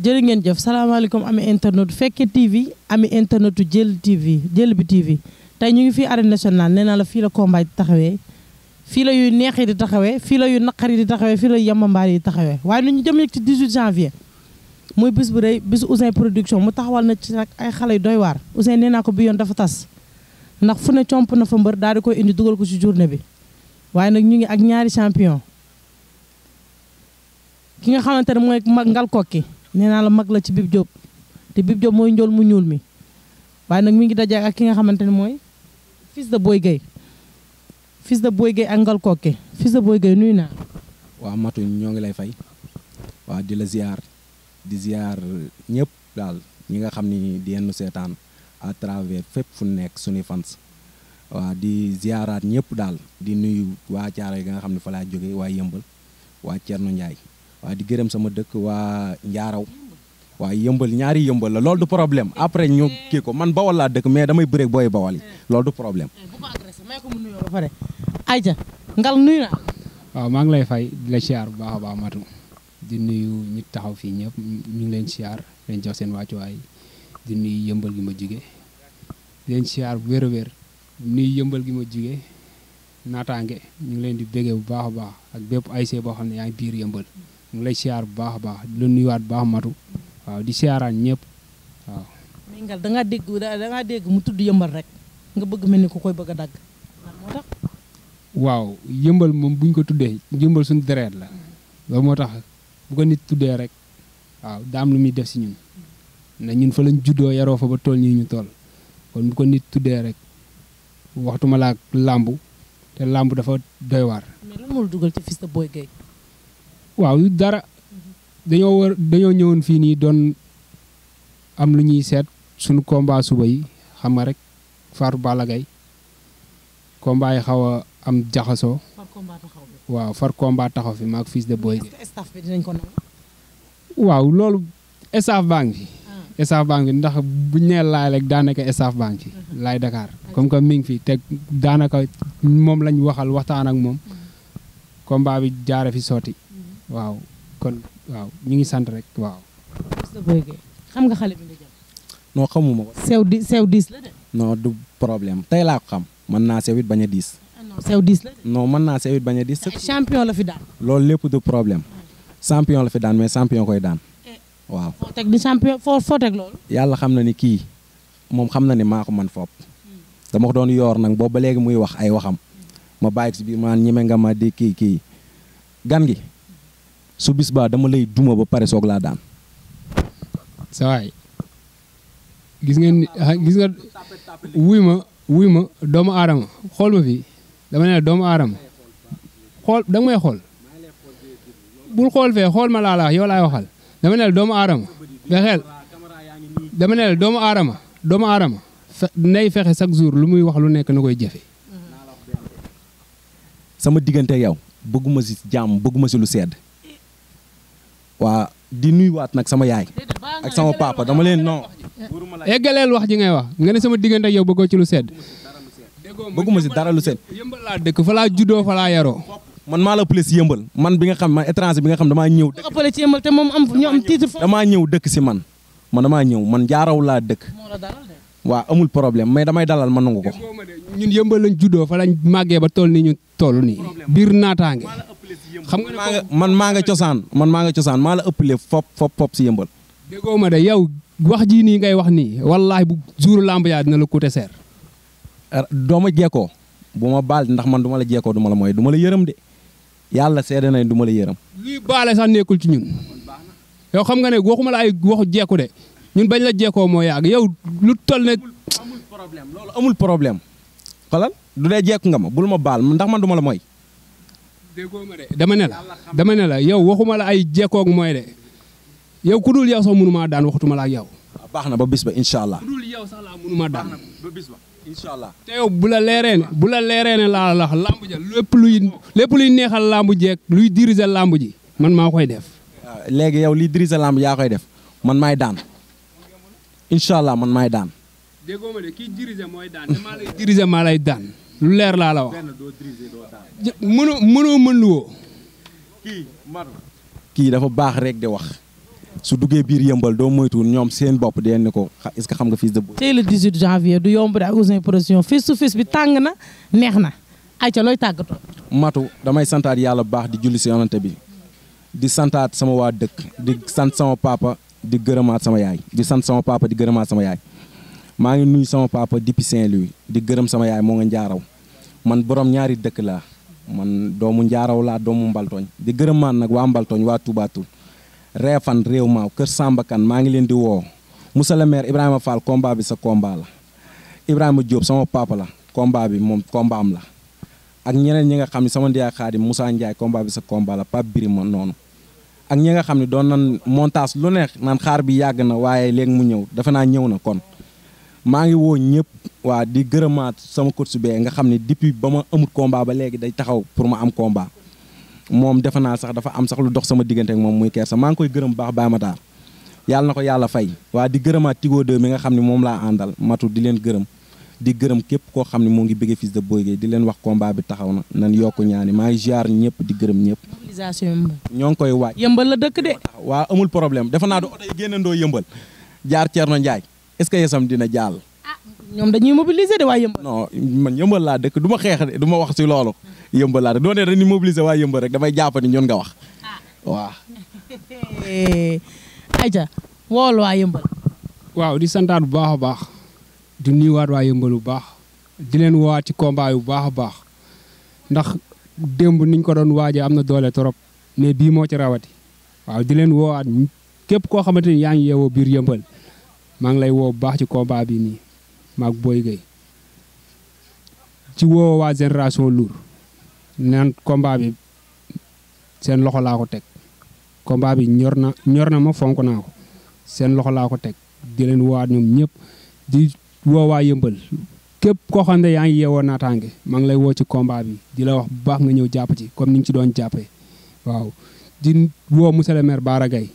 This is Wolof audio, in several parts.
jërë ngeen jëf salaamaaleykum ami internet fekke TV ami internetu jël TV jël bi TV tey ñu ngi fii arène nationale nee naa la fii la combat di taxawee fii la yuy neexee di taxawee fii la yuy naqari di taxawee fii la yuy yamambaar yi di taxawee waaye nu ñu jëm ci 18 janvier muy bis bu rëy bisu Ouzin production mu taxawal na ci nag ay xale yu doy waar nee naa ko bi yoon dafa tas ndax fu ne comp na fa mbër daal di koy indi dugal ko ci journée bi waaye nag ñu ngi ak ñaari champion ki nga xamante ne mooy mag ngal kokki nee naa la mag la ci Bib Diop te Bib Diop mooy njool mu ñuul mi waaye nag mi ngi daje ak ki nga xamante ne mooy fils de booy Gueye fils de Boy Gueye ak Ngal Koke fils de Boy Gueye nuyu naa. waaw matuñ ñoo ngi lay fay waaw di la ziar di ziar ñëpp daal ñi nga xam ni di yenn seetaan à travers fépp fu nekk suñuy fans waa di ziaraat ñëpp daal di nuyu waa Thiaroye ga nga xam ne fa laa jógee waa Yëmbal waa nu Ndiaye. waa di gërëm sama dëkk waa Njaaraw waa yëmbal ñaari yëmbal la lool du problème après ñu kii ko man bawal laa dëkk mais damay bëreeg booy bawal yi loolu du problème. Eh, ayca ngal nuyu naa. waaw maa ngi lay fay di la siyaar bu baax a baax matu di nuyu ñi taxaw fii ñëpp ñu ngi leen siyaar leen jox seen wàccuwaay di nuyu yëmbal gi ma jugee leen siyaar bu wér a wér yëmbal gi ma jugee naataange ñu ngi leen di béggee bu baax a baax ak bépp ay see boo xam ne yaa ngi biir yëmbal. mu lay bah bu baax a baax di la nuyuwaat baax matu waaw di siyaaraan ñëpp waaw. mais ngal da ngaa dégg da ngaa dégg mu tudd yëmbal rek nga bëgg mel ni ku koy bëgg a dagg moo tax. waaw yëmbal moom buñ ko tuddee yëmbal suñu dereet la loolu moo tax bu ko nit tuddee rek waaw daam lu muy def si ñun na ñun fa lañ juddoo yaroo fa ba kon bu ko nit tuddee rek te dafa doy waar. mais Boy waaw dara dañoo war dañoo ñëwoon fii nii doon am lu ñuy seet suñu combat suba yi xam nga rek Fatou Balla Gaye yi xaw a am jaxasoo. waaw far combat taxaw fi maag fils de boy. staff ko waaw loolu staff baa ngi fi. Ah. baa ngi ndax buñ nee laay rek daanaka staff baa ngi fi. Uh-huh. laay Dakar comme que mi ngi fi te daanaka moom lañ waxal waxtaan ak moom. Mm-hmm. combat bi jaare fi sotti. waaw kon waaw ñu ngi sant rek waaw. xam nga xale bi xamuma ko. sew di sew diis la du problème tey laa ko xam mën naa sewit bañ a diis. Ah non sew diis la de. non mën naa sewit bañ a diis. champion la fi daan. loolu lépp du problème. champion la fi daan mais champion koy daan. Eh. waaw foo teg di teg loolu. yàlla xam na ni kii moom xam na ni maa ko man foop hmm. dama ko doon yoor nag boobu ba léegi muy wax ay waxam. ma bàyyi ko si biir maan ñeme nga ma di kii kii gan gi. su bis baa dama lay duma ba pare soog laa daan. sa gis nga gis nga wuy ma wuy ma doomu aadama xool ma fii dama ne doomu aadama xool da may xool bul xool fee xool ma laa yow laay waxal dama ne doomu aadama fexeel dama ne doomu aadama doomu aadama nay fexe chaque jour lu muy wax lu nekk na koy jëfe sama diggante yow bëgguma si jàmm bëgguma si lu sedd waa di wat nak sama yaay ak sama papa dama len non. egalel wax ji ngay wax nga ne sama yow bëggo ci lu sét bëgguma si dara lu sét yëmbal la dëkk fa laa juddoo fa man maa la ëppale yëmbal man bi nga xam man étranger bi nga xam dama ñëw. dëkk ci yëmbal té mom am ñu am titre. dama ñëw dëkk ci man man dama ñëw man jaaraw la dëkk. wa amul problème mais damay dalal man nga ko. ñun yëmbal lañ juddoo fa lañ màggee ba toll ni ñu toll ni bir natangé xam nga man maa nga cosaan man maa nga cosaan maa la ëppale fop fop fop si yëmbal. déggoo ma de yow wax jii nii ngay wax nii wallaahi bu jour lamb yaa dina la coûter cher. Er, ma jeekoo bu ma baal ndax man du jeekoo du mooy du la yërëm de yàlla seede na du ma la yërëm. luy baale ci ñun yow xam nga ne waxuma la ay waxu jeeku de ñun bañ la jeekoo moo yàgg yow lu toll ne. amul problème loolu amul problème. xolal du dee jeeku nga ma bul ma baal ndax man du ma la mooy. déggoo ma de dama ne la dama ne la yow waxuma la ay jekkoog mooy de yow ku dul yow sax mënumaa daan waxtuma la yow. Ah, baax na ba bis ba incha allah. yow sax laa mënumaa daan. baax na te yow bu la leeree ne bu la leeree ne la làmb lépp luy lépp luy neexal làmb jeeg luy diriger làmb ji man maa koy def. Ah, léegi yow liy diriger làmb yaa koy def man maay daan incha allah man maay daan. déggoo ma de kii daan. lu leer laa la wax mënoo mënoo mën lu woo kii dafa baax rek di wax su duggee biir yëmbal doo moytuwul ñoom seen bopp deen ni ko est-ce que xam nga fils de Boy. tey le janvier du yomb de ak Ouzin Production face to bi tàng na neex na ay ca looy tàggatoo. matu damay santaat yàlla baax di julli si yonante bi di santaat sama waa dëkk di sant sama papa di gërëmaat sama yaay di sant sama papa di gërëmaat sama yaay. maa ngi nuyu sama papa depuis Saint-Louis di gërëm sama yaay moo nga njaaraw man boroom ñaari dëkk laa man doomu njaaraw laa doomu mbaltooñ di gërëm maan nag waa mbaltooñ waa tubaatul reefan réew maaw kër sambakan maa ngi leen di woo monsieur le maire Ibrahima Fall combat bi sa combat la Ibrahima Diop sama papa la combat bi moom combat la ak ñeneen ñi nga xam ne sama ndiyaay xaadim Moussa Ndiaye combat bi sa combat la Pape Birima noonu ak ñi nga xam ne doon nan lu neex naan xaar bi yàgg na waaye léegi mu ñëw dafa naa ñëw na kon maa ngi woo ñëpp waa di gërëmaat sama coach bi nga xam ne depuis ba ma amut combat ba léegi day taxaw pour ma am combat moom defe naa sax dafa am sax lu dox sama diggante moom muy kersa maa ngi koy gërëm baax Baye Matar yàlla ko yàlla fay waa di gërëmaat Tigo 2 nga xam ne moom laa àndal matu di leen gërëm di gërëm képp koo xam ne moo ngi bëggee Fils de di leen wax combat bi taxaw na nan yokku ñaani maa ngi ziar di gërëm ñëpp. mobilisation ñoo ngi koy waaj. yëmbal la dëkk de. waa amul problème defe naa du oto yi génnandoo yëmbal jaar Thierno Ndiaye est-ce que yesam dina jàll. Ah, ñoom dañuy mobiliser de waa yëmbal. non ma yëmbal laa dëkk du ma xeex de du ma wax si loolu. yëmbal laa dëkk doo ne dañuy mobiliser waa yëmbal rek damay jàpp ni ñun nga wax ah. waaw. Aïcha wool waa yëmbal. waaw di santaat bu baax a baax di nuyuwaat waa yëmbal bu baax di leen woowaat ci kombaay yu baax a baax ndax démb niñ ko doon waajee am na doole trop mais bii moo ci rawati waaw di leen woowaat képp koo xamante ni yaa ngi yeewoo biir yëmbal maa ngi lay woo bu baax ci combat bi nii maag Boy Gueye ci woo waa génération Lour naan combat bi seen loxo laa ko teg combat bi ñor na ñor na ma fonk naa ko seen loxo laa ko teg di leen woowaat ñoom ñëpp di woowaa yëmbal képp koo xam ne yaa ngi yeewoo naataange maa ngi lay woo ci combat bi di la wax bu baax nga ñëw jàpp ci comme ni ci doon jàppe waaw di woo monsieur le maire Bara Gaye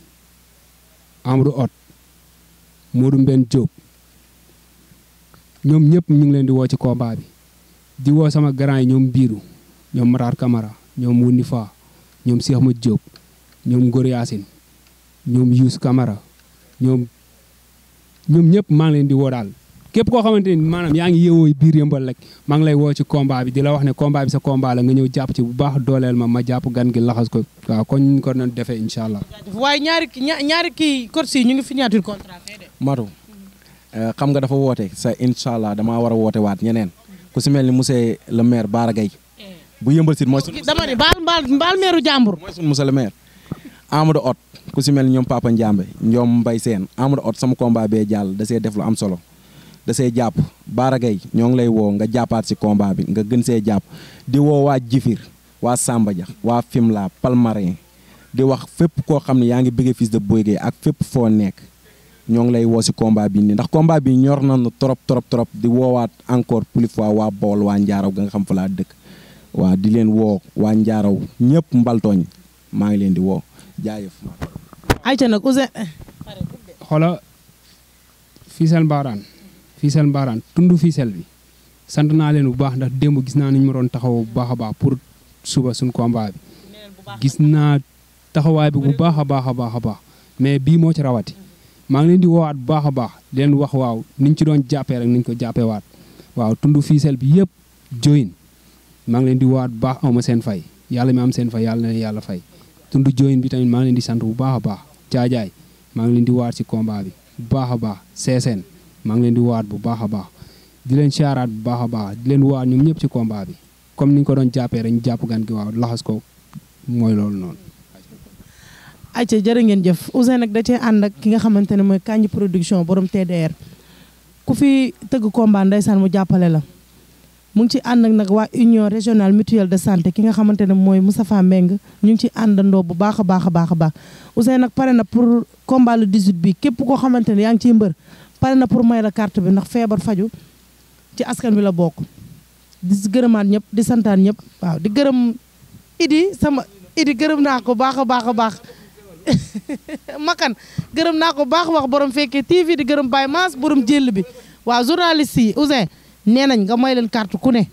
Modou Mbène Diop ñoom ñëpp ñu ngi leen di woo ci combat bi di woo sama grand yi ñoom Biiru ñoom Matar kamara ñoom Wundi Fa ñoom Cheikh Ma Diop ñoom Ngor Yacine ñoom Youssou kamara ñoom ñoom ñëpp maa leen di woo daal képp koo xamante ni maanaam yaa ngi yeewoo biir yëmbal rek maa ngi lay woo ci combat bi di la wax ne combat bi sa combat la nga ñëw jàpp ci bu baax dooleel ma ma jàpp gan gi laxas ko waaw kon ñu ko doon defee incha allah. waaye ñaari kii corps ñu ngi fi matu eh, xam nga dafa woote sa incha allah damaa war a woote waat ñeneen ku si mel ni monsieur le maire Bara bu yëmbal sit mooy sunu dama ne baal baal baal ku si mel ni ñoom Papa Ndiambe ñoom seen Sène Amadou Hott sama combat bee jàll da def lu am solo da see jàpp Bara ñoo ngi lay woo nga jàppaat si combat bi nga gën see jàpp di woo waa Jifir waa Samba Dia waa Fimela Palmarin di wax fépp koo xam ne yaa ngi bëgg Fils de Boy Gueye ak fépp foo nekk ñoo ngi lay woo si combat bi nii ndax combat bi ñor nañu trop trop trop di woowaat encore plus fois waa Bawol waa Njaaraw ga nga xam fa laa dëkk waa di leen woo waa Njaaraw ñëpp mbaltooñ maa ngi leen di woo jaajëf. ayca nag Ouzin. xoola Fissel Mbaraan Fissel Mbaraan tund Fissel bi sant naa leen bu baax ndax démb gis naa ni ñu ma doon taxaw bu baax a baax pour suba suñ combat bi gis naa taxawaay bi bu baax a baax a baax a baax mais bii moo ci rawati maa ngi leen di woowaat bu baax a baax di leen wax waaw niñ ci doon jàppee rek niñ ko jàppee waat waaw tund fiisel bi yëpp join maa ngi leen di woowaat bu baax aw ma seen fay yàlla mi am seen fay yàlla na yàlla fay tund join bi tamit maa ngi leen di sant bu baax a baax caajaay maa ngi leen di woowaat ci combat bi bu baax a baax seeseen maa ngi leen di woowaat bu baax a baax di leen caaraat bu baax a baax di leen woowaat ñoom ñëpp ci combat bi comme niñ ko doon jàppee rek jàpp gan gi waaw laxas ko mooy loolu noonu ayca jërë ngeen jëf Ouzin nag da cee ànd ak ki nga xamante ne mooy Kandji production borom te TDR ku fi tëgg combat ndeysaan mu jàppale la mu ngi ci ànd ak nag waa union régional mutuelle de santé ki nga xamante ne mooy Moustapha Mbengue ñu ngi ci àndandoo bu baax a baax a baax a baax Ouzin nag pare na pour combat le 18 bi képp koo xamante ne yaa ngi ci mbër pare na pour may la carte bi ndax feebar faju ci askan bi la bokk di gërëmaat ñëpp di santaan ñëpp waaw di gërëm idi sama idi gërëm naa baax a baax a baax makan gërëm naa ko baax wax borom fekkee TV di gërëm Baye Mass borom jëll bi waa journaliste yi Ouzin nee nañ nga may leen carte ku ne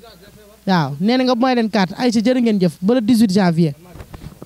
waaw nee na nga may leen carte ay ci jërë ngeen jëf ba le 18 janvier